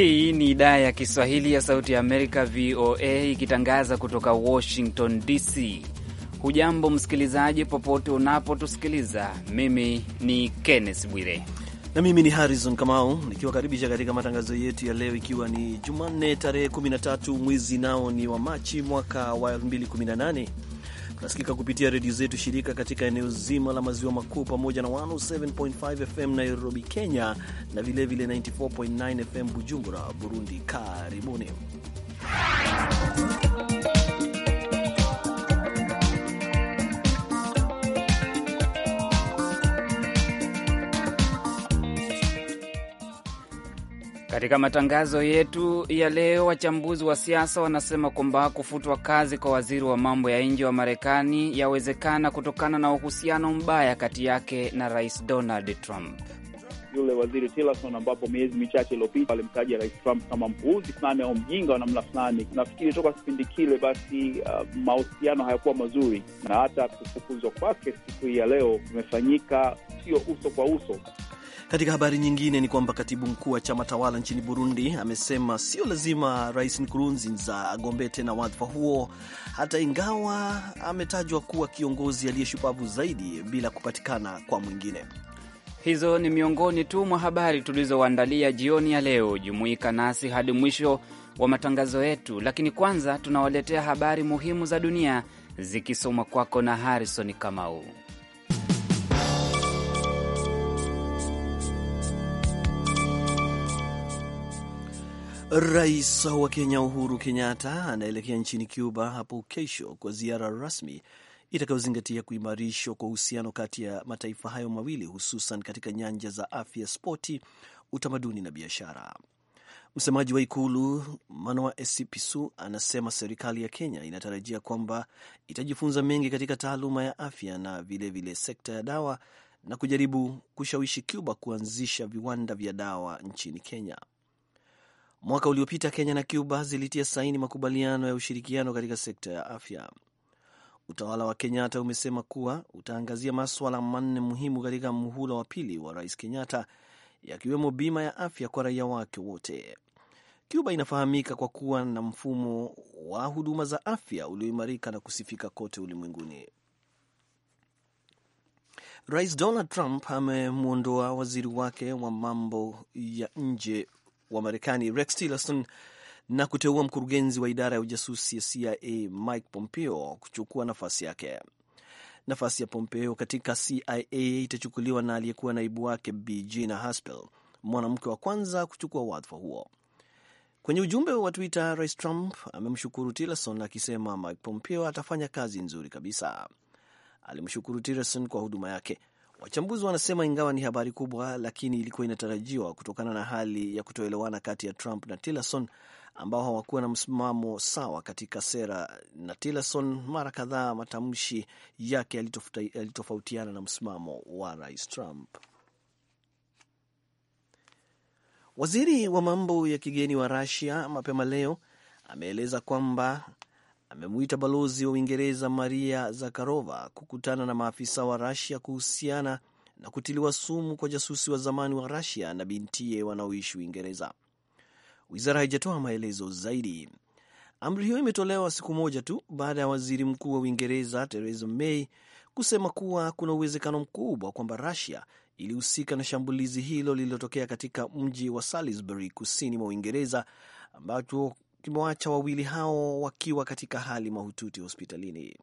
Hii ni idhaa ya Kiswahili ya Sauti ya Amerika, VOA, ikitangaza kutoka Washington DC. Hujambo msikilizaji, popote unapotusikiliza. Mimi ni Kenneth Bwire na mimi ni Harrison Kamau nikiwakaribisha katika matangazo yetu ya leo, ikiwa ni Jumanne tarehe 13 mwezi nao ni wa Machi mwaka wa 2018 Tunasikika kupitia redio zetu shirika katika eneo zima la maziwa makuu pamoja na 107.5 FM Nairobi, Kenya na vilevile 94.9 FM Bujumbura, Burundi. Karibuni. Katika matangazo yetu ya leo, wachambuzi wa siasa wanasema kwamba kufutwa kazi kwa waziri wa mambo ya nje wa Marekani yawezekana kutokana na uhusiano mbaya kati yake na Rais Donald Trump. Yule waziri Tillerson, ambapo miezi michache iliyopita alimtaja Rais Trump kama mpuuzi fulani au mjinga wa namna fulani. Nafikiri toka kipindi kile basi, uh, mahusiano hayakuwa mazuri, na hata kufukuzwa kwake siku hii ya leo imefanyika sio uso kwa uso. Katika habari nyingine ni kwamba katibu mkuu wa chama tawala nchini Burundi amesema sio lazima Rais Nkurunziza agombee tena wadhifa huo, hata ingawa ametajwa kuwa kiongozi aliyeshupavu zaidi bila kupatikana kwa mwingine. Hizo ni miongoni tu mwa habari tulizoandalia jioni ya leo. Jumuika nasi hadi mwisho wa matangazo yetu, lakini kwanza tunawaletea habari muhimu za dunia zikisomwa kwako na Harrison Kamau. Rais wa Kenya Uhuru Kenyatta anaelekea nchini Cuba hapo kesho kwa ziara rasmi itakayozingatia kuimarishwa kwa uhusiano kati ya mataifa hayo mawili hususan katika nyanja za afya, spoti, utamaduni na biashara. Msemaji wa ikulu Manoa Esipisu anasema serikali ya Kenya inatarajia kwamba itajifunza mengi katika taaluma ya afya na vilevile vile sekta ya dawa na kujaribu kushawishi Cuba kuanzisha viwanda vya dawa nchini Kenya. Mwaka uliopita Kenya na Cuba zilitia saini makubaliano ya ushirikiano katika sekta ya afya. Utawala wa Kenyatta umesema kuwa utaangazia maswala manne muhimu katika muhula wa pili wa Rais Kenyatta, yakiwemo bima ya afya kwa raia wake wote. Cuba inafahamika kwa kuwa na mfumo wa huduma za afya ulioimarika na kusifika kote ulimwenguni. Rais Donald Trump amemwondoa waziri wake wa mambo ya nje wa Marekani Rex Tillerson na kuteua mkurugenzi wa idara ya ujasusi ya CIA Mike Pompeo kuchukua nafasi yake. Nafasi ya Pompeo katika CIA itachukuliwa na aliyekuwa naibu wake Bi Gina Haspel, mwanamke wa kwanza kuchukua wadhifa huo. Kwenye ujumbe wa Twitter, Rais Trump amemshukuru Tillerson akisema Mike Pompeo atafanya kazi nzuri kabisa. Alimshukuru Tillerson kwa huduma yake Wachambuzi wanasema ingawa ni habari kubwa, lakini ilikuwa inatarajiwa kutokana na hali ya kutoelewana kati ya Trump na Tillerson ambao hawakuwa na msimamo sawa katika sera, na Tillerson mara kadhaa matamshi yake yalitofautiana na msimamo wa Rais Trump. Waziri wa mambo ya kigeni wa rasia mapema leo ameeleza kwamba amemwita balozi wa Uingereza Maria Zakharova kukutana na maafisa wa Rasia kuhusiana na kutiliwa sumu kwa jasusi wa zamani wa Rasia na bintiye wanaoishi Uingereza. Wizara haijatoa maelezo zaidi. Amri hiyo imetolewa siku moja tu baada ya waziri mkuu wa Uingereza Theresa May kusema kuwa kuna uwezekano mkubwa kwamba Rasia ilihusika na shambulizi hilo lililotokea katika mji wa Salisbury kusini mwa Uingereza ambacho kimewacha wawili hao wakiwa katika hali mahututi hospitalini.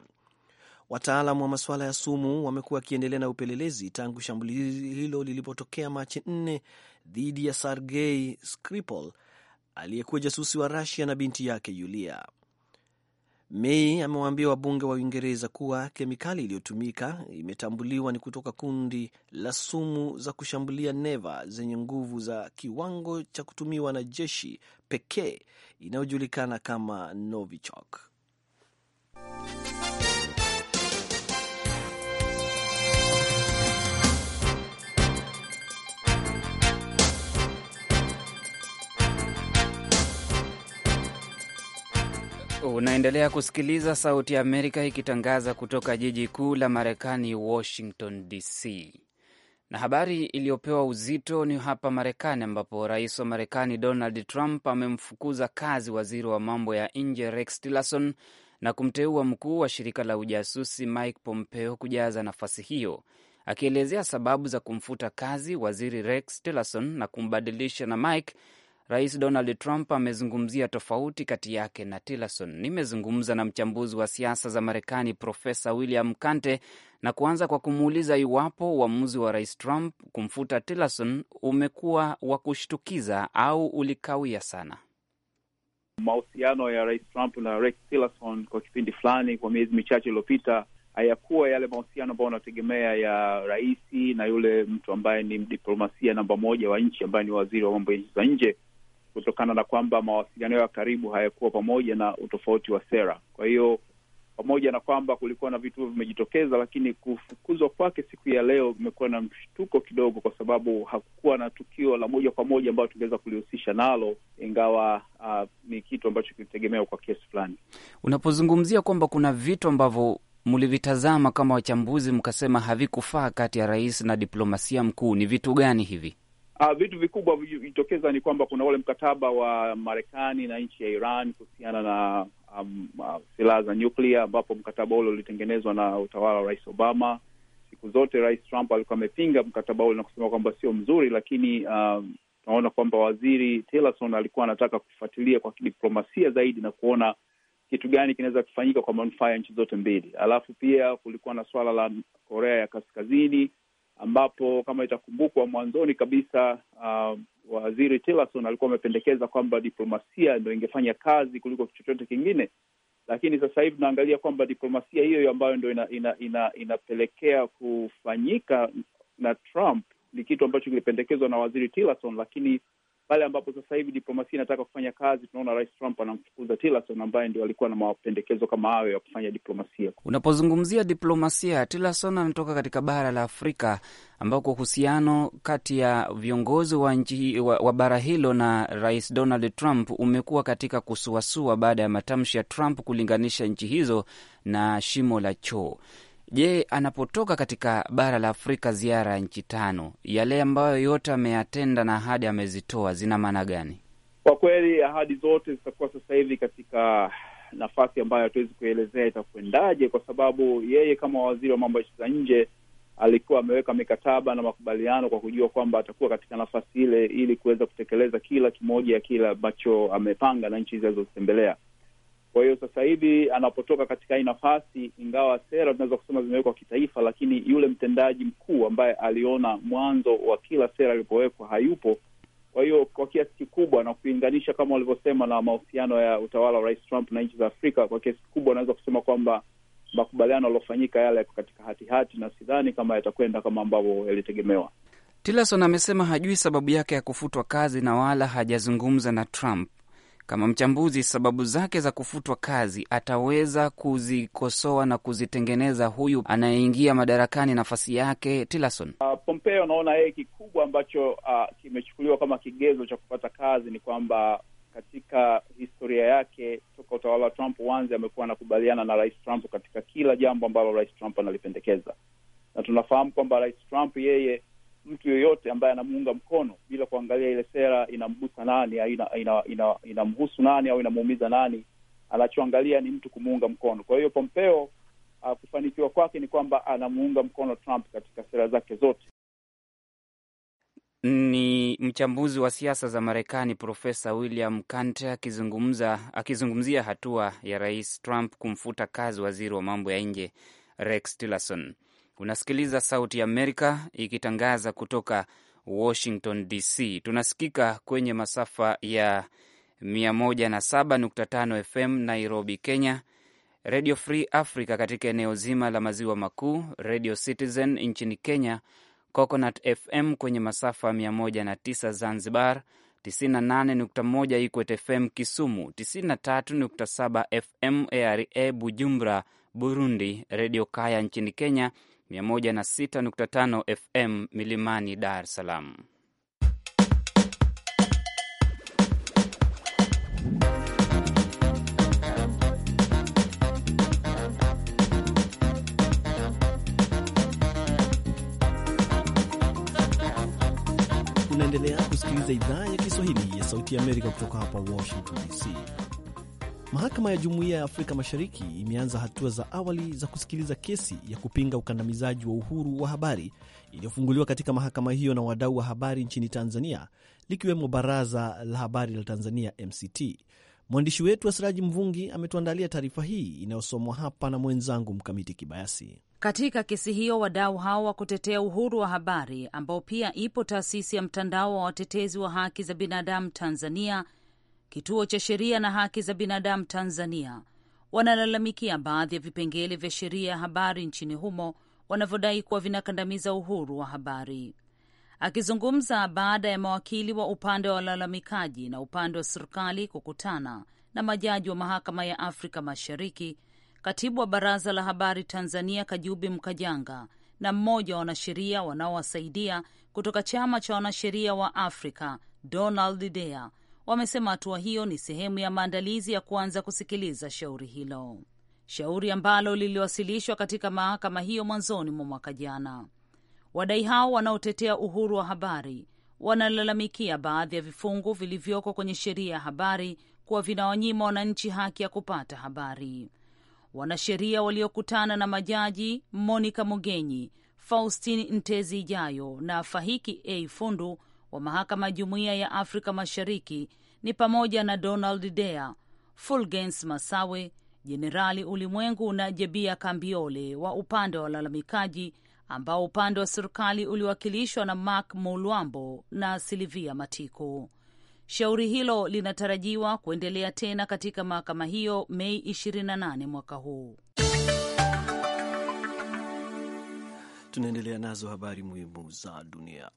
Wataalam wa masuala ya sumu wamekuwa wakiendelea na upelelezi tangu shambulizi hilo lilipotokea Machi nne dhidi ya Sergei Skripal aliyekuwa jasusi wa Rusia na binti yake Yulia. May amewaambia wabunge wa Uingereza kuwa kemikali iliyotumika imetambuliwa ni kutoka kundi la sumu za kushambulia neva zenye nguvu za kiwango cha kutumiwa na jeshi pekee inayojulikana kama Novichok. Unaendelea kusikiliza Sauti ya Amerika ikitangaza kutoka jiji kuu la Marekani, Washington DC. Na habari iliyopewa uzito ni hapa Marekani, ambapo rais wa Marekani Donald Trump amemfukuza kazi waziri wa mambo ya nje Rex Tillerson na kumteua mkuu wa shirika la ujasusi Mike Pompeo kujaza nafasi hiyo. Akielezea sababu za kumfuta kazi waziri Rex Tillerson na kumbadilisha na Mike Rais Donald Trump amezungumzia tofauti kati yake na Tillerson. Nimezungumza na mchambuzi wa siasa za Marekani Profesa William Kante na kuanza kwa kumuuliza iwapo uamuzi wa Rais Trump kumfuta Tillerson umekuwa wa kushtukiza au ulikawia sana. Mahusiano ya Rais Trump na Rex Tillerson kwa kipindi fulani, kwa miezi michache iliyopita, hayakuwa yale mahusiano ambayo wanategemea ya raisi na yule mtu ambaye ni diplomasia namba moja wa nchi, ambaye ni waziri wa mambo ya nchi za nje kutokana na kwamba mawasiliano ya karibu hayakuwa pamoja na utofauti wa sera. Kwa hiyo pamoja na kwamba kulikuwa na vitu vimejitokeza, lakini kufukuzwa kwake siku ya leo imekuwa na mshtuko kidogo, kwa sababu hakukuwa na tukio la moja kwa moja ambayo tungeweza kulihusisha nalo, ingawa uh, ni kitu ambacho kilitegemewa kwa kesi fulani. Unapozungumzia kwamba kuna vitu ambavyo mlivitazama kama wachambuzi mkasema havikufaa kati ya rais na diplomasia mkuu, ni vitu gani hivi? Uh, vitu vikubwa vilivyojitokeza ni kwamba kuna ule mkataba wa Marekani na nchi ya Iran kuhusiana na um, uh, silaha za nyuklia, ambapo mkataba ule ulitengenezwa na utawala wa Rais Obama. Siku zote Rais Trump alikuwa amepinga mkataba ule na kusema kwamba sio mzuri, lakini um, tunaona um, kwamba waziri Tillerson alikuwa anataka kufuatilia kwa kidiplomasia zaidi na kuona kitu gani kinaweza kufanyika kwa manufaa ya nchi zote mbili. Alafu pia kulikuwa na suala la Korea ya Kaskazini ambapo kama itakumbukwa mwanzoni kabisa uh, waziri Tillerson alikuwa amependekeza kwamba diplomasia ndo ingefanya kazi kuliko chochote kingine, lakini sasa hivi tunaangalia kwamba diplomasia hiyo hiyo ambayo ndo inapelekea ina, ina, ina kufanyika na Trump ni kitu ambacho kilipendekezwa na waziri Tillerson, lakini pale ambapo sasa hivi diplomasia inataka kufanya kazi, tunaona Rais Trump anamfukuza Tillerson ambaye ndio alikuwa na mapendekezo kama hayo ya kufanya diplomasia. Unapozungumzia diplomasia, Tillerson anatoka katika bara la Afrika ambako uhusiano kati ya viongozi wa nchi wa, wa bara hilo na Rais Donald Trump umekuwa katika kusuasua baada ya matamshi ya Trump kulinganisha nchi hizo na shimo la choo. Je, anapotoka katika bara la Afrika ziara ya nchi tano, yale ambayo yote ameyatenda na ahadi amezitoa zina maana gani? Kwa kweli ahadi zote zitakuwa sasa hivi katika nafasi ambayo hatuwezi kuelezea itakwendaje, kwa sababu yeye kama waziri wa mambo ya nchi za nje alikuwa ameweka mikataba na makubaliano kwa kujua kwamba atakuwa katika nafasi ile ili kuweza kutekeleza kila kimoja ya kile ambacho amepanga na nchi hizi alizozitembelea. Kwa hiyo sasa hivi anapotoka katika hii nafasi, ingawa sera tunaweza kusema zimewekwa kitaifa, lakini yule mtendaji mkuu ambaye aliona mwanzo wa kila sera ilipowekwa hayupo. Kwa hiyo kwa kiasi kikubwa, na kuinganisha kama walivyosema na mahusiano ya utawala wa Rais Trump na nchi za Afrika, kwa kiasi kikubwa anaweza kusema kwamba makubaliano yaliyofanyika yale yako katika hatihati, na sidhani kama yatakwenda kama ambavyo yalitegemewa. Tillerson amesema hajui sababu yake ya kufutwa kazi na wala hajazungumza na Trump. Kama mchambuzi, sababu zake za kufutwa kazi ataweza kuzikosoa na kuzitengeneza huyu anayeingia madarakani nafasi yake Tillerson? Uh, Pompeo, naona yeye kikubwa ambacho uh, kimechukuliwa kama kigezo cha kupata kazi ni kwamba katika historia yake toka utawala wa Trump uanze, amekuwa anakubaliana na Rais Trump katika kila jambo ambalo Rais Trump analipendekeza, na tunafahamu kwamba Rais Trump yeye mtu yeyote ambaye anamuunga mkono bila kuangalia ile sera inamgusa nani, inamhusu ina, ina, ina nani au inamuumiza nani. Anachoangalia ni mtu kumuunga mkono. Kwa hiyo Pompeo uh, kufanikiwa kwake ni kwamba anamuunga mkono Trump katika sera zake zote. Ni mchambuzi wa siasa za Marekani Profesa William Kante akizungumza akizungumzia hatua ya Rais Trump kumfuta kazi waziri wa mambo ya nje Rex Tillerson. Unasikiliza Sauti ya Amerika ikitangaza kutoka Washington DC. Tunasikika kwenye masafa ya 107.5 FM Nairobi, Kenya, Radio Free Africa katika eneo zima la maziwa makuu, Radio Citizen nchini Kenya, Coconut FM kwenye masafa 109 Zanzibar, 98.1 Ikwet FM Kisumu, 93.7 FM ARA Bujumbura, Burundi, Redio Kaya nchini Kenya 106.5 FM Milimani, Dar es Salaam. Unaendelea kusikiliza idhaa ya Kiswahili ya Sauti ya Amerika kutoka hapa Washington DC. Mahakama ya Jumuiya ya Afrika Mashariki imeanza hatua za awali za kusikiliza kesi ya kupinga ukandamizaji wa uhuru wa habari iliyofunguliwa katika mahakama hiyo na wadau wa habari nchini Tanzania, likiwemo Baraza la Habari la Tanzania, MCT. Mwandishi wetu Asiraji Mvungi ametuandalia taarifa hii inayosomwa hapa na mwenzangu Mkamiti Kibayasi. Katika kesi hiyo wadau hao wa kutetea uhuru wa habari ambao pia ipo taasisi ya mtandao wa watetezi wa haki za binadamu Tanzania Kituo cha Sheria na Haki za Binadamu Tanzania wanalalamikia baadhi ya vipengele vya sheria ya habari nchini humo wanavyodai kuwa vinakandamiza uhuru wa habari. Akizungumza baada ya mawakili wa upande wa walalamikaji na upande wa serikali kukutana na majaji wa Mahakama ya Afrika Mashariki, katibu wa Baraza la Habari Tanzania Kajubi Mkajanga na mmoja wa wanasheria wanaowasaidia kutoka Chama cha Wanasheria wa Afrika Donald Dea wamesema hatua hiyo ni sehemu ya maandalizi ya kuanza kusikiliza shauri hilo, shauri ambalo liliwasilishwa katika mahakama hiyo mwanzoni mwa mwaka jana. Wadai hao wanaotetea uhuru wa habari wanalalamikia baadhi ya vifungu vilivyoko kwenye sheria ya habari kuwa vinawanyima wananchi haki ya kupata habari. Wanasheria waliokutana na majaji Monica Mugenyi, Faustin Ntezi Ijayo na Fahiki A Fundu wa mahakama ya Jumuiya ya Afrika Mashariki ni pamoja na Donald Dea, Fulgens Masawe, Jenerali Ulimwengu na Jebia Kambiole wa upande wa walalamikaji ambao upande wa serikali uliwakilishwa na Mark Mulwambo na Silivia Matiko. Shauri hilo linatarajiwa kuendelea tena katika mahakama hiyo Mei 28 mwaka huu. Tunaendelea nazo habari muhimu za dunia.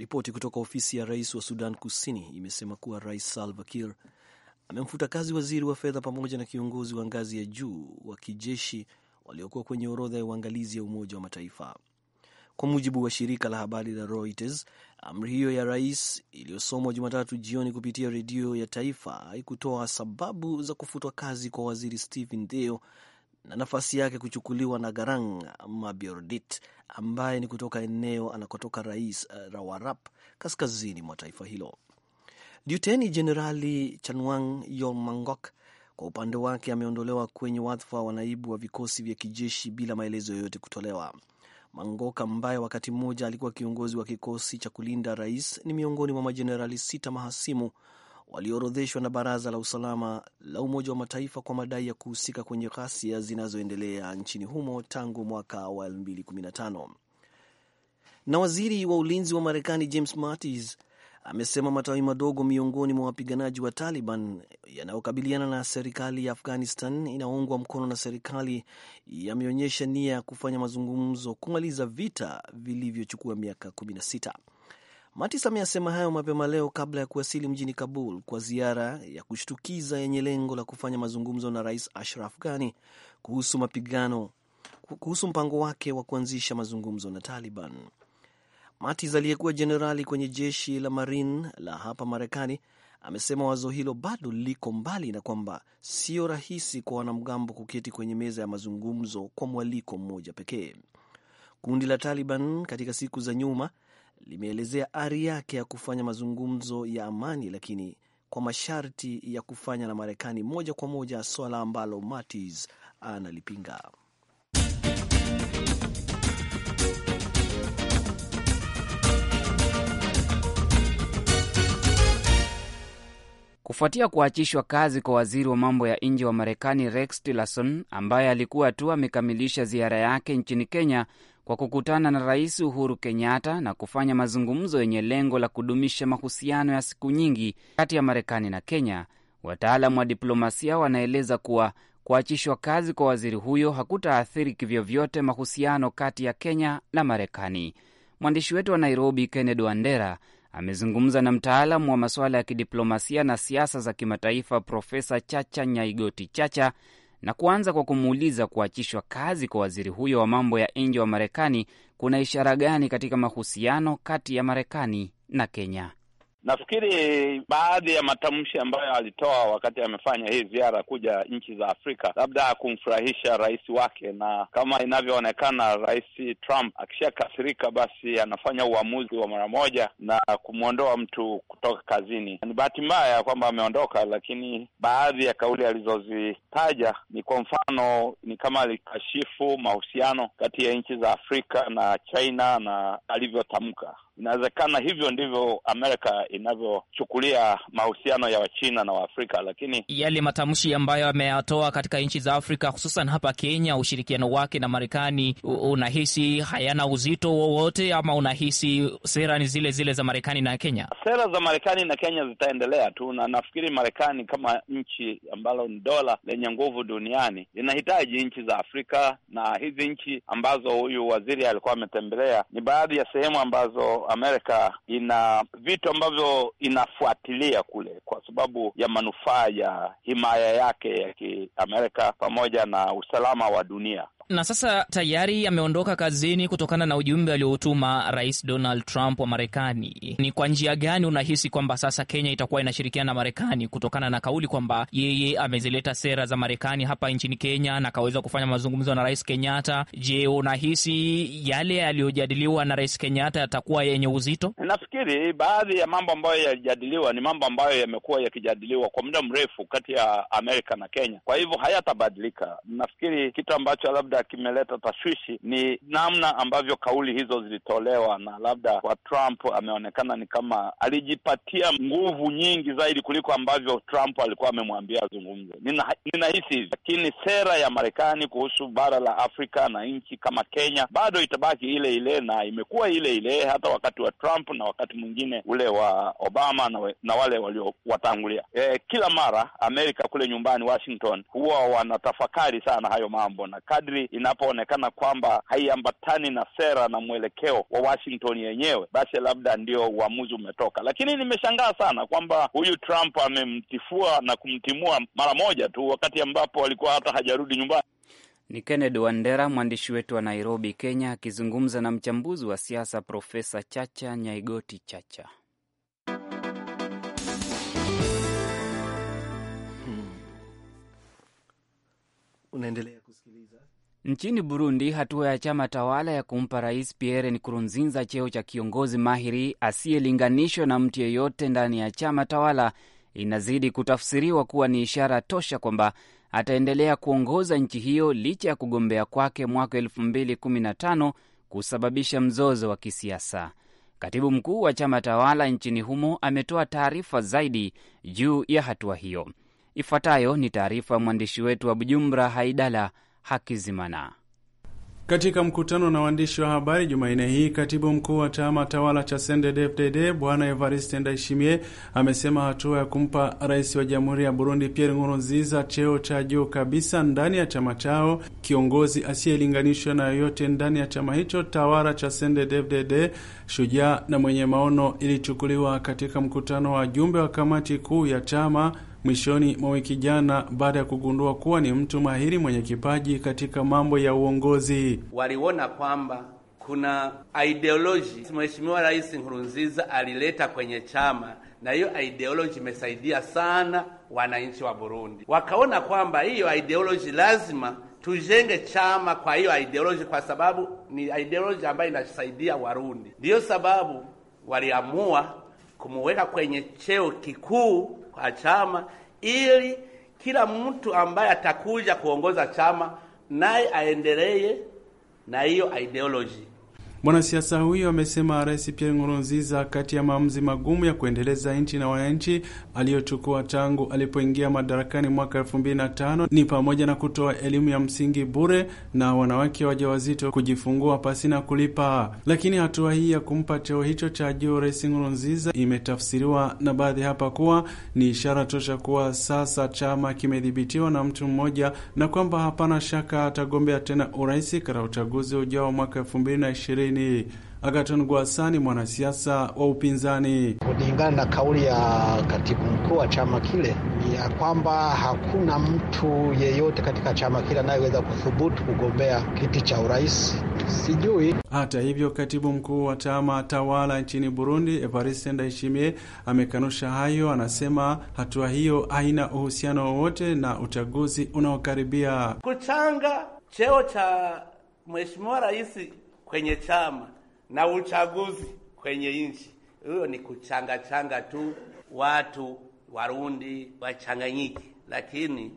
Ripoti kutoka ofisi ya rais wa Sudan Kusini imesema kuwa Rais Salva Kiir amemfuta kazi waziri wa fedha pamoja na kiongozi wa ngazi ya juu wa kijeshi waliokuwa kwenye orodha ya uangalizi ya Umoja wa Mataifa. Kwa mujibu wa shirika la habari la Reuters, amri hiyo ya rais iliyosomwa Jumatatu jioni kupitia redio ya taifa haikutoa sababu za kufutwa kazi kwa waziri Stephen Theo na nafasi yake kuchukuliwa na Garang Mabiordit ambaye ni kutoka eneo anakotoka Rais eh, Rawarap kaskazini mwa taifa hilo. Luteni Jenerali Chanwang Yomangok kwa upande wake ameondolewa kwenye wadhifa wa naibu wa vikosi vya kijeshi bila maelezo yoyote kutolewa. Mangok ambaye wakati mmoja alikuwa kiongozi wa kikosi cha kulinda rais ni miongoni mwa majenerali sita mahasimu walioorodheshwa na Baraza la Usalama la Umoja wa Mataifa kwa madai ya kuhusika kwenye ghasia zinazoendelea nchini humo tangu mwaka wa 2015. Na waziri wa ulinzi wa Marekani James Mattis amesema matawi madogo miongoni mwa wapiganaji wa Taliban yanayokabiliana na serikali ya Afghanistan inaoungwa mkono na serikali yameonyesha nia ya kufanya mazungumzo kumaliza vita vilivyochukua miaka 16 matis ameyasema hayo mapema leo kabla ya kuwasili mjini Kabul kwa ziara ya kushtukiza yenye lengo la kufanya mazungumzo na Rais Ashraf Ghani kuhusu mapigano kuhusu mpango wake wa kuanzisha mazungumzo na Taliban. matis aliyekuwa jenerali kwenye jeshi la Marine la hapa Marekani amesema wazo hilo bado liko mbali na kwamba sio rahisi kwa wanamgambo kuketi kwenye meza ya mazungumzo kwa mwaliko mmoja pekee. Kundi la Taliban katika siku za nyuma limeelezea ari yake ya kufanya mazungumzo ya amani, lakini kwa masharti ya kufanya na Marekani moja kwa moja, swala ambalo Mattis analipinga. Kufuatia kuachishwa kazi kwa waziri wa mambo ya nje wa Marekani Rex Tillerson, ambaye alikuwa tu amekamilisha ziara yake nchini Kenya, kwa kukutana na Rais Uhuru Kenyatta na kufanya mazungumzo yenye lengo la kudumisha mahusiano ya siku nyingi kati ya Marekani na Kenya. Wataalamu wa diplomasia wanaeleza kuwa kuachishwa kazi kwa waziri huyo hakutaathiri kivyovyote mahusiano kati ya Kenya na Marekani. Mwandishi wetu wa Nairobi, Kennedy Wandera, amezungumza na mtaalamu wa masuala ya kidiplomasia na siasa za kimataifa Profesa Chacha Nyaigoti Chacha na kuanza kwa kumuuliza kuachishwa kazi kwa waziri huyo wa mambo ya nje wa Marekani kuna ishara gani katika mahusiano kati ya Marekani na Kenya. Nafikiri baadhi ya matamshi ambayo alitoa wakati amefanya hii ziara kuja nchi za Afrika labda kumfurahisha rais wake, na kama inavyoonekana Rais Trump akishakasirika, basi anafanya uamuzi wa mara moja na kumwondoa mtu kutoka kazini. Ni bahati mbaya kwamba ameondoka, lakini baadhi ya kauli alizozitaja ni kwa mfano, ni kama alikashifu mahusiano kati ya nchi za Afrika na China na alivyotamka Inawezekana hivyo ndivyo Amerika inavyochukulia mahusiano ya Wachina na Waafrika, lakini yale matamshi ambayo ameyatoa katika nchi za Afrika hususan hapa Kenya, ushirikiano wake na Marekani unahisi hayana uzito wowote, ama unahisi sera ni zile zile za Marekani na Kenya? Sera za Marekani na Kenya zitaendelea tu, na nafikiri Marekani kama nchi ambalo ni dola lenye nguvu duniani linahitaji nchi za Afrika, na hizi nchi ambazo huyu waziri alikuwa ametembelea ni baadhi ya sehemu ambazo Amerika ina vitu ambavyo inafuatilia kule kwa sababu ya manufaa ya himaya yake ya kiamerika pamoja na usalama wa dunia na sasa tayari ameondoka kazini kutokana na ujumbe alioutuma Rais Donald Trump wa Marekani. Ni kwa njia gani unahisi kwamba sasa Kenya itakuwa inashirikiana na Marekani kutokana na kauli kwamba yeye amezileta sera za Marekani hapa nchini Kenya na akaweza kufanya mazungumzo na Rais Kenyatta? Je, unahisi yale yaliyojadiliwa na Rais Kenyatta yatakuwa yenye uzito? Nafikiri baadhi ya mambo ambayo yalijadiliwa ni mambo ambayo yamekuwa yakijadiliwa kwa muda mrefu kati ya Amerika na Kenya, kwa hivyo hayatabadilika. Nafikiri kitu ambacho labda ambayo kimeleta tashwishi ni namna ambavyo kauli hizo zilitolewa, na labda kwa Trump ameonekana ni kama alijipatia nguvu nyingi zaidi kuliko ambavyo Trump alikuwa amemwambia azungumze. Nina, ninahisi hivi, lakini sera ya Marekani kuhusu bara la Afrika na nchi kama Kenya bado itabaki ile ile na imekuwa ile ile hata wakati wa Trump na wakati mwingine ule wa Obama na, we, na wale waliowatangulia. E, kila mara Amerika kule nyumbani Washington huwa wanatafakari sana hayo mambo na kadri inapoonekana kwamba haiambatani na sera na mwelekeo wa Washington yenyewe, basi labda ndio uamuzi umetoka. Lakini nimeshangaa sana kwamba huyu Trump amemtifua na kumtimua mara moja tu, wakati ambapo alikuwa hata hajarudi nyumbani. Ni Kennedy Wandera, mwandishi wetu wa Nairobi, Kenya, akizungumza na mchambuzi wa siasa Profesa Chacha Nyaigoti Chacha. Hmm. Unaendelea Nchini Burundi, hatua ya chama tawala ya kumpa Rais Pierre Nkurunziza cheo cha kiongozi mahiri asiyelinganishwa na mtu yeyote ndani ya chama tawala inazidi kutafsiriwa kuwa ni ishara tosha kwamba ataendelea kuongoza nchi hiyo licha ya kugombea kwake mwaka 215 kusababisha mzozo wa kisiasa. Katibu mkuu wa chama tawala nchini humo ametoa taarifa zaidi juu ya hatua hiyo. Ifuatayo ni taarifa ya mwandishi wetu wa Bujumbura, Haidala Hakizimana. Katika mkutano na waandishi wa habari Jumanne hii, katibu mkuu wa chama tawala cha CNDD-FDD Bwana Evariste Ndayishimiye amesema hatua ya kumpa rais wa jamhuri ya Burundi Pierre Nkurunziza cheo cha juu kabisa ndani ya chama chao, kiongozi asiyelinganishwa na yoyote ndani ya chama hicho tawala cha CNDD-FDD, shujaa na mwenye maono, ilichukuliwa katika mkutano wa jumbe wa kamati kuu ya chama mwishoni mwa wiki jana baada ya kugundua kuwa ni mtu mahiri mwenye kipaji katika mambo ya uongozi. Waliona kwamba kuna ideoloji Mheshimiwa Rais Nkurunziza alileta kwenye chama, na hiyo ideoloji imesaidia sana wananchi wa Burundi. Wakaona kwamba hiyo ideoloji lazima tujenge chama kwa hiyo ideoloji, kwa sababu ni ideoloji ambayo inasaidia Warundi. Ndiyo sababu waliamua kumuweka kwenye cheo kikuu kwa chama ili kila mtu ambaye atakuja kuongoza chama naye aendelee na hiyo ideology Mwanasiasa huyo amesema Rais Pierre Nkurunziza, kati ya maamuzi magumu ya kuendeleza nchi na wananchi aliyochukua tangu alipoingia madarakani mwaka 2005 ni pamoja na kutoa elimu ya msingi bure na wanawake wajawazito kujifungua pasina kulipa. Lakini hatua hii ya kumpa cheo hicho cha juu Rais Nkurunziza imetafsiriwa na baadhi hapa kuwa ni ishara tosha kuwa sasa chama kimedhibitiwa na mtu mmoja na kwamba hapana shaka atagombea tena urais katika uchaguzi ujao mwaka 2020. Kaskazini. Agaton ni mwanasiasa wa upinzani: kulingana na kauli ya katibu mkuu wa chama kile ni ya kwamba hakuna mtu yeyote katika chama kile anayeweza kuthubutu kugombea kiti cha urais. Sijui. Hata hivyo, katibu mkuu wa chama tawala nchini Burundi Evariste Ndayishimiye amekanusha hayo. Anasema hatua hiyo haina uhusiano wowote na uchaguzi unaokaribia. Kuchanga cheo cha mheshimiwa rais kwenye chama na uchaguzi kwenye nchi. huyo ni kuchangachanga tu, watu Warundi wachanganyike, lakini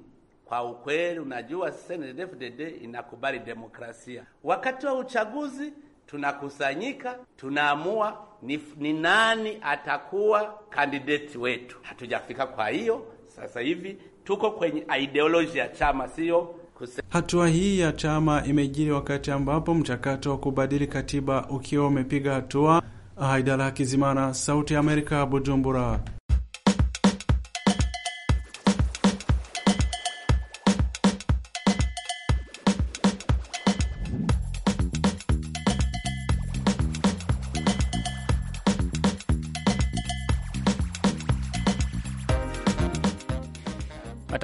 kwa ukweli, unajua CNDD-FDD inakubali demokrasia. Wakati wa uchaguzi tunakusanyika, tunaamua ni, ni nani atakuwa kandideti wetu. Hatujafika, kwa hiyo sasa hivi tuko kwenye ideoloji ya chama, sio Hatua hii ya chama imejiri wakati ambapo mchakato wa kubadili katiba ukiwa umepiga hatua. Haidara Kizimana, Sauti ya Amerika, Bujumbura.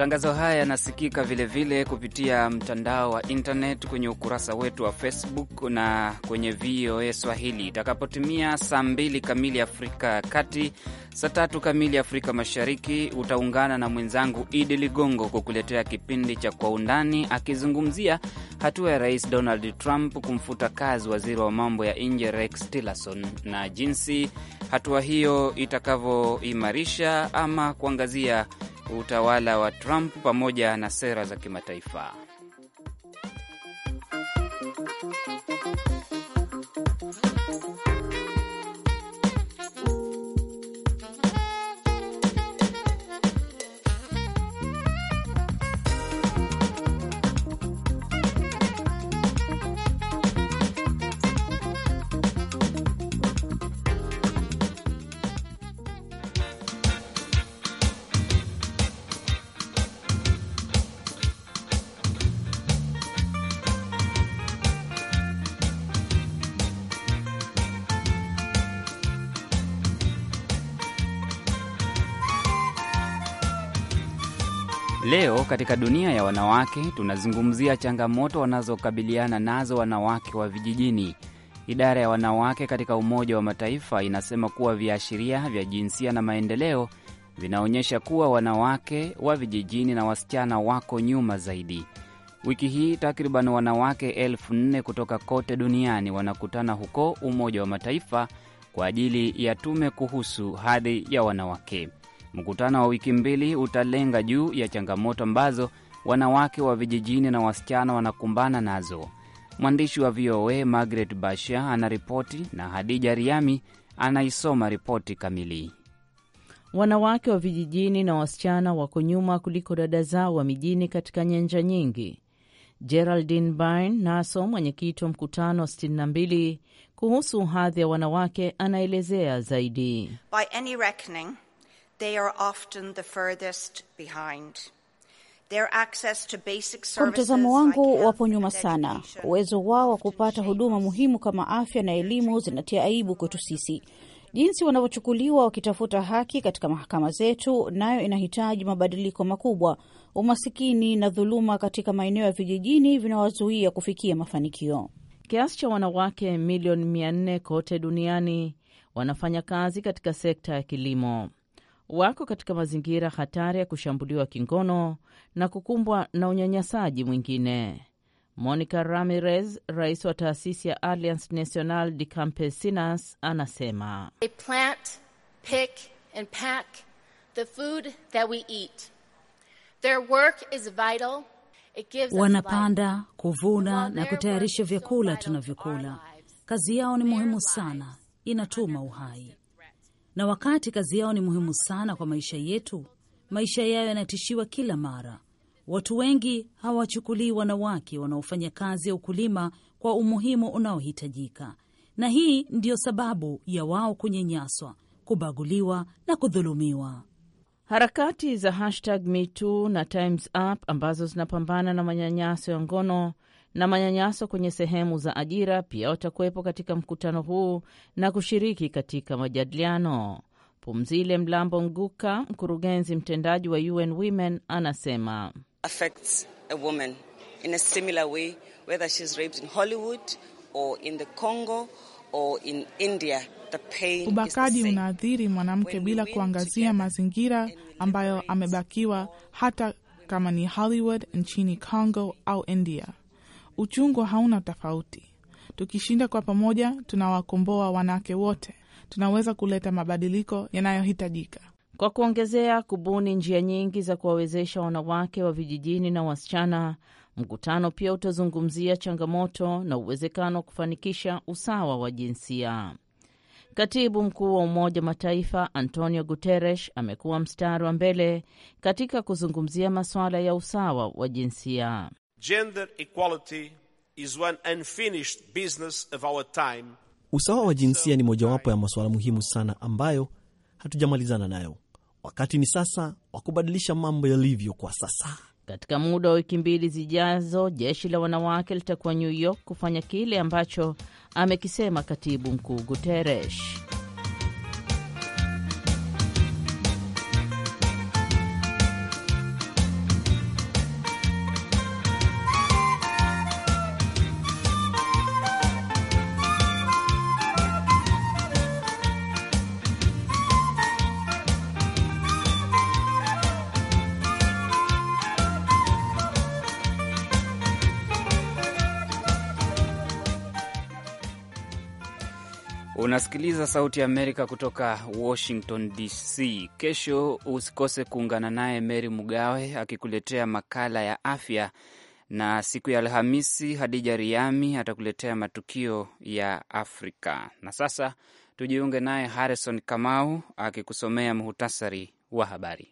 Matangazo haya yanasikika vilevile kupitia mtandao wa internet kwenye ukurasa wetu wa Facebook na kwenye VOA Swahili itakapotimia saa mbili kamili Afrika ya Kati, saa tatu kamili Afrika Mashariki. Utaungana na mwenzangu Idi Ligongo kukuletea kipindi cha Kwa Undani, akizungumzia hatua ya Rais Donald Trump kumfuta kazi waziri wa mambo ya nje Rex Tillerson na jinsi hatua hiyo itakavyoimarisha ama kuangazia utawala wa Trump pamoja na sera za kimataifa. katika dunia ya wanawake tunazungumzia changamoto wanazokabiliana nazo wanawake wa vijijini. Idara ya wanawake katika Umoja wa Mataifa inasema kuwa viashiria vya jinsia na maendeleo vinaonyesha kuwa wanawake wa vijijini na wasichana wako nyuma zaidi. Wiki hii takriban wanawake elfu nne kutoka kote duniani wanakutana huko Umoja wa Mataifa kwa ajili ya tume kuhusu hadhi ya wanawake. Mkutano wa wiki mbili utalenga juu ya changamoto ambazo wanawake wa vijijini na wasichana wanakumbana nazo. Mwandishi wa VOA Margaret bashia anaripoti na Hadija Riami anaisoma ripoti kamili. Wanawake wa vijijini na wasichana wako nyuma kuliko dada zao wa mijini katika nyanja nyingi. Geraldine Byrne Naso, mwenyekiti wa mkutano wa 62 kuhusu hadhi ya wanawake, anaelezea zaidi. By any reckoning, they are often the furthest behind. Kwa mtazamo wangu, wapo nyuma sana. Uwezo wao wa kupata huduma muhimu kama afya na elimu zinatia aibu kwetu sisi. Jinsi wanavyochukuliwa wakitafuta haki katika mahakama zetu, nayo inahitaji mabadiliko makubwa. Umasikini na dhuluma katika maeneo ya vijijini vinawazuia kufikia mafanikio. Kiasi cha wanawake milioni mia nne kote duniani wanafanya kazi katika sekta ya kilimo wako katika mazingira hatari ya kushambuliwa kingono na kukumbwa na unyanyasaji mwingine. Monica Ramirez, rais wa taasisi ya Alliance National de Campesinas, anasema They plant, pick and pack the food that we eat. Their work is vital. It gives wanapanda, kuvuna na kutayarisha vyakula tunavyokula. Kazi yao ni muhimu sana, inatuma uhai na wakati kazi yao ni muhimu sana kwa maisha yetu, maisha yao yanatishiwa kila mara. Watu wengi hawachukulii wanawake wanaofanya kazi ya ukulima kwa umuhimu unaohitajika, na hii ndiyo sababu ya wao kunyanyaswa, kubaguliwa na kudhulumiwa. Harakati za hashtag MeToo na Times Up ambazo zinapambana na manyanyaso ya ngono na manyanyaso kwenye sehemu za ajira pia watakuwepo katika mkutano huu na kushiriki katika majadiliano. Pumzile Mlambo Nguka, mkurugenzi mtendaji wa UN Women, anasema ubakaji unaathiri mwanamke bila kuangazia mazingira ambayo amebakiwa, hata kama ni Hollywood, nchini Congo au India. Uchungu hauna tofauti. Tukishinda kwa pamoja, tunawakomboa wanawake wote, tunaweza kuleta mabadiliko yanayohitajika. Kwa kuongezea, kubuni njia nyingi za kuwawezesha wanawake wa vijijini na wasichana. Mkutano pia utazungumzia changamoto na uwezekano wa kufanikisha usawa wa jinsia. Katibu mkuu wa Umoja Mataifa Antonio Guterres amekuwa mstari wa mbele katika kuzungumzia masuala ya usawa wa jinsia. Gender equality is one unfinished business of our time. Usawa wa jinsia ni mojawapo ya masuala muhimu sana ambayo hatujamalizana nayo. Wakati ni sasa wa kubadilisha mambo yalivyo kwa sasa. Katika muda wa wiki mbili zijazo, jeshi la wanawake litakuwa New York kufanya kile ambacho amekisema katibu mkuu Guterres. Unasikiliza Sauti ya Amerika kutoka Washington DC. Kesho usikose kuungana naye Meri Mugawe akikuletea makala ya afya, na siku ya Alhamisi Hadija Riami atakuletea matukio ya Afrika. Na sasa tujiunge naye Harrison Kamau akikusomea muhtasari wa habari.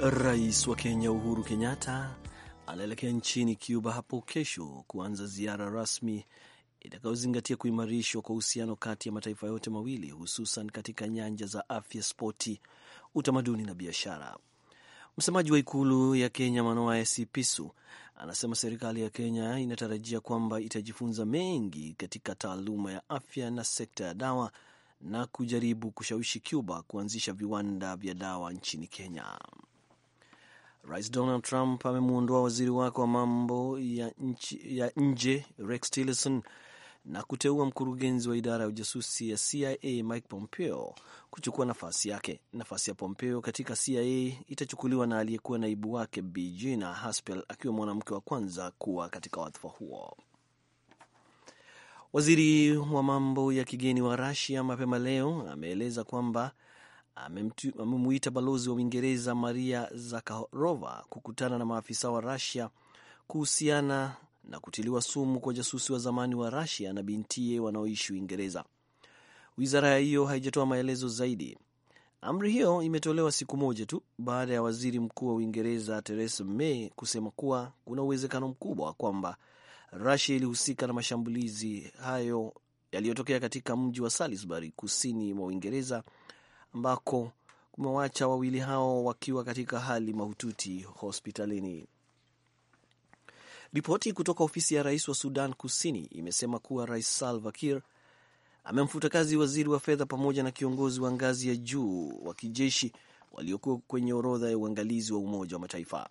Rais wa Kenya Uhuru Kenyatta anaelekea nchini Cuba hapo kesho kuanza ziara rasmi itakayozingatia kuimarishwa kwa uhusiano kati ya mataifa yote mawili hususan katika nyanja za afya, spoti, utamaduni na biashara. Msemaji wa ikulu ya Kenya Manoa Esipisu anasema serikali ya Kenya inatarajia kwamba itajifunza mengi katika taaluma ya afya na sekta ya dawa na kujaribu kushawishi Cuba kuanzisha viwanda vya dawa nchini Kenya. Rais Donald Trump amemwondoa waziri wake wa mambo ya, nchi, ya nje Rex Tillerson na kuteua mkurugenzi wa idara ya ujasusi ya CIA Mike Pompeo kuchukua nafasi yake. Nafasi ya Pompeo katika CIA itachukuliwa na aliyekuwa naibu wake Bi Gina Haspel akiwa mwanamke wa kwanza kuwa katika wadhifa huo. Waziri wa mambo ya kigeni wa rasia mapema leo ameeleza kwamba amemuita balozi wa Uingereza Maria Zakharova kukutana na maafisa wa Rusia kuhusiana na kutiliwa sumu kwa jasusi wa zamani wa Rusia na bintie wanaoishi Uingereza. Wizara hiyo haijatoa maelezo zaidi. Amri hiyo imetolewa siku moja tu baada ya waziri mkuu wa Uingereza Theresa May kusema kuwa kuna uwezekano mkubwa kwamba Rusia ilihusika na mashambulizi hayo yaliyotokea katika mji wa Salisbury kusini mwa Uingereza ambako kumewacha wawili hao wakiwa katika hali mahututi hospitalini. Ripoti kutoka ofisi ya rais wa Sudan Kusini imesema kuwa Rais Salva Kiir amemfuta kazi waziri wa fedha pamoja na kiongozi wa ngazi ya juu wa kijeshi waliokuwa kwenye orodha ya uangalizi wa Umoja wa Mataifa.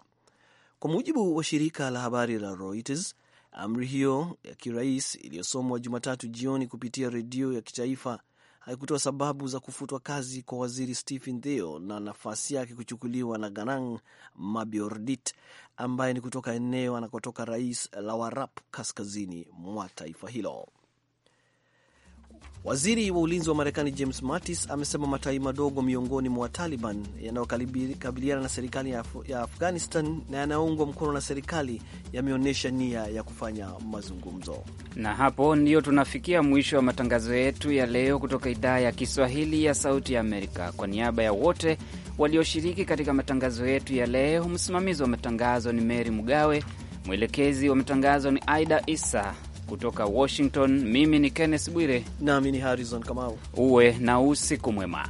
Kwa mujibu wa shirika la habari la Reuters, amri hiyo ya kirais iliyosomwa Jumatatu jioni kupitia redio ya kitaifa haikutoa sababu za kufutwa kazi kwa waziri Stephen Theo na nafasi yake kuchukuliwa na Ganang Mabiordit ambaye ni kutoka eneo anakotoka Rais Lawarap kaskazini mwa taifa hilo. Waziri wa ulinzi wa Marekani James Mattis amesema matawi madogo miongoni mwa Taliban yanayokabiliana na serikali ya, Af ya Afghanistan na yanayoungwa mkono na serikali yameonyesha nia ya kufanya mazungumzo. Na hapo ndiyo tunafikia mwisho wa matangazo yetu ya leo kutoka idhaa ya Kiswahili ya Sauti ya Amerika. Kwa niaba ya wote walioshiriki katika matangazo yetu ya leo, msimamizi wa matangazo ni mery Mgawe, mwelekezi wa matangazo ni Aida Isa. Kutoka Washington, mimi ni Kenneth Bwire nami ni Harrison Kamau. Uwe na usiku mwema.